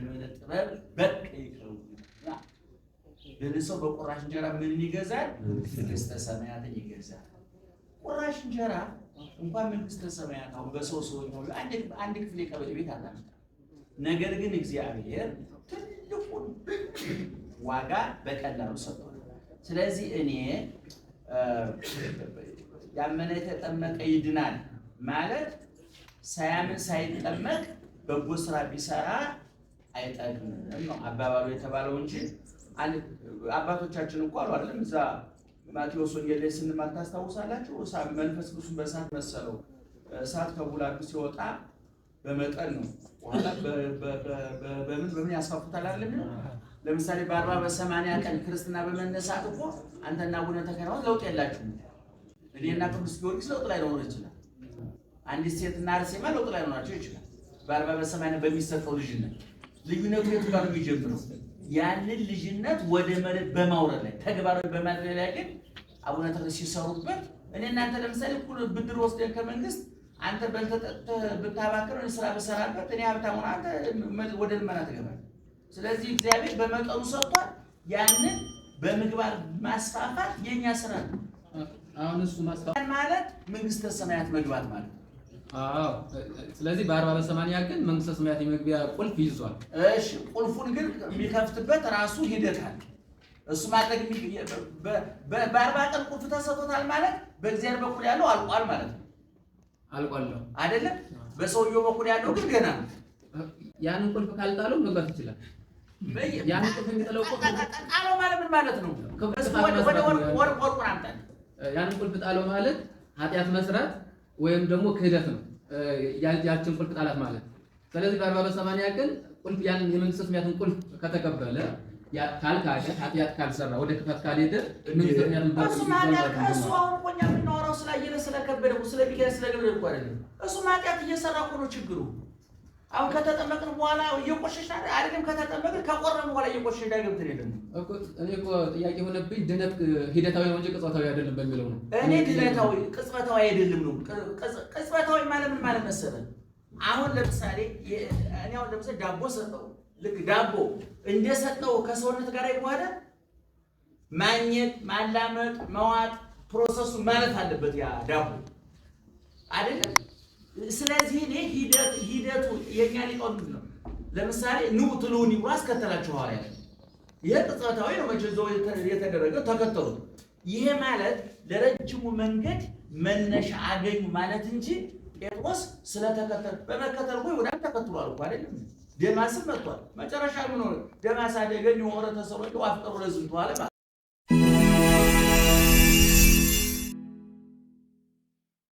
ዘመነ ጥበብ በቅ ይክረውና ለሰው በቁራሽ እንጀራ ምንን ይገዛል? መንግስተ ሰማያትን ይገዛል። ቁራሽ እንጀራ እንኳን መንግስተ ሰማያት አሁን በሰው ሰዎች ሁሉ አንድ ክፍል የቀበሌ ቤት አላመጣም። ነገር ግን እግዚአብሔር ትልቁን ዋጋ በቀላሉ ሰጥቷል። ስለዚህ እኔ ያመነ የተጠመቀ ይድናል ማለት ሳያምን ሳይጠመቅ በጎ ስራ ቢሰራ አይጠቅምም ነው አባባሉ የተባለው እንጂ አባቶቻችን እኮ አሉ አይደለም። እዛ ማቴዎስ ወንጌል ላይ ስንማር ታስታውሳላችሁ። መንፈስ ቅዱስን በእሳት መሰለው። እሳት ከቡላቱ ሲወጣ በመጠን ነው። በኋላ በምን በምን ያስፋፉታል አለ። ለምሳሌ በአርባ በሰማንያ ቀን ክርስትና በመነሳት እኮ አንተና አቡነ ተክለ ለውጥ የላችሁም። እኔና ቅዱስ ጊዮርጊስ ለውጥ ላይ ሊኖር ይችላል። አንዲት ሴትና አርሴማ ለውጥ ላይ ሊኖራቸው ይችላል። በአርባ በሰማንያ በሚሰጠው ልጅነት ልዩነቱ የቱ ጋር የሚጀምረው? ያንን ልጅነት ወደ መሬት በማውረድ ላይ ተግባራዊ በማድረግ ላይ ግን አቡነ ተክለ ሲሰሩበት እኔ እናንተ ለምሳሌ እኩል ብድር ወስደን ከመንግስት አንተ ብታባክር ስራ ብሰራበት እኔ ሀብታም ሆነ አንተ ወደ ልመና ትገባለህ። ስለዚህ እግዚአብሔር በመጠኑ ሰጥቷል። ያንን በምግባር ማስፋፋት የእኛ ስራ ነው። አሁን እሱ ማስፋፋት ማለት መንግስተ ሰማያት መግባት ማለት ስለዚህ በአርባ በሰማንያ ግን መንግስተ ሰማያት የመግቢያ ቁልፍ ይዟል። እሺ ቁልፉን ግን የሚከፍትበት ራሱ ሂደት አለ። እሱ ማድረግ በአርባ ቀን ቁልፍ ተሰጥቶታል ማለት በእግዚአብሔር በኩል ያለው አልቋል ማለት ነው። አልቋል ነው አይደለም? በሰውየው በኩል ያለው ግን ገና ነው። ያንን ቁልፍ ካልጣለው መግባት ይችላል። ያንን ቁልፍ የሚጥለው ጣለው ማለት ምን ማለት ነው? ወደ ወርቁን አምጣ። ያንን ቁልፍ ጣለው ማለት ኃጢአት መስራት ወይም ደግሞ ክህደት ነው ያችን ቁልፍ ጣላት ማለት። ስለዚህ በአርባ በሰማንያ ቀን ቁልፍ ያን የመንግስተ ሰማያትን ቁልፍ ከተቀበለ ካልካደ ኃጢአት ካልሰራ ወደ ክፋት ካልሄደ መንግስተ ሰማያትን እሱ ማጥያት እሱ አሁን እኮ እኛ የምናወራው ስላየለ ስለከበደ ስለሚካኤል ስለገብረ እኮ አይደለም። እሱ ማጥያት እየሰራ እኮ ነው ችግሩ አሁን ከተጠመቅን በኋላ እየቆሸሽ አይደለም። ከተጠመቅን ከቆረን በኋላ እየቆሸሽ ዳግም እንትን የለም እኮ። እኔ እኮ ጥያቄ የሆነብኝ ድነት ሂደታዊ ነው እንጂ ቅጽበታዊ አይደለም በሚለው ነው። እኔ ድነታዊ ቅጽበታዊ አይደለም ነው። ቅጽበታዊ ማለት ምን ማለት መሰለህ? አሁን ለምሳሌ እኔ አሁን ለምሳሌ ዳቦ ሰጠው፣ ልክ ዳቦ እንደሰጠው ከሰውነት ጋር የሆነ ማግኘት፣ ማላመጥ፣ መዋጥ ፕሮሰሱ ማለት አለበት ያ ዳቦ አይደለም ስለዚህ እኔ ሂደት ሂደቱ የኛ ሊቆም ነው። ለምሳሌ ኑ ትሉኒ ብሎ አስከተላችሁ ሐዋርያት። ይሄ ቅጽበታዊ ነው መቼ ዘው የተደረገ ተከተሉ። ይሄ ማለት ለረጅሙ መንገድ መነሻ አገኙ ማለት እንጂ ጴጥሮስ ስለተከተሉ በመከተል ወይ ወዳም ተከትሏል እኮ አይደለም። ደማስም መጥቷል። መጨረሻ ምን ሆነ? ደማስ አደገኝ ወረ ተሰሎንቄ ዋፍቀሩ ለዝንቱ አለ።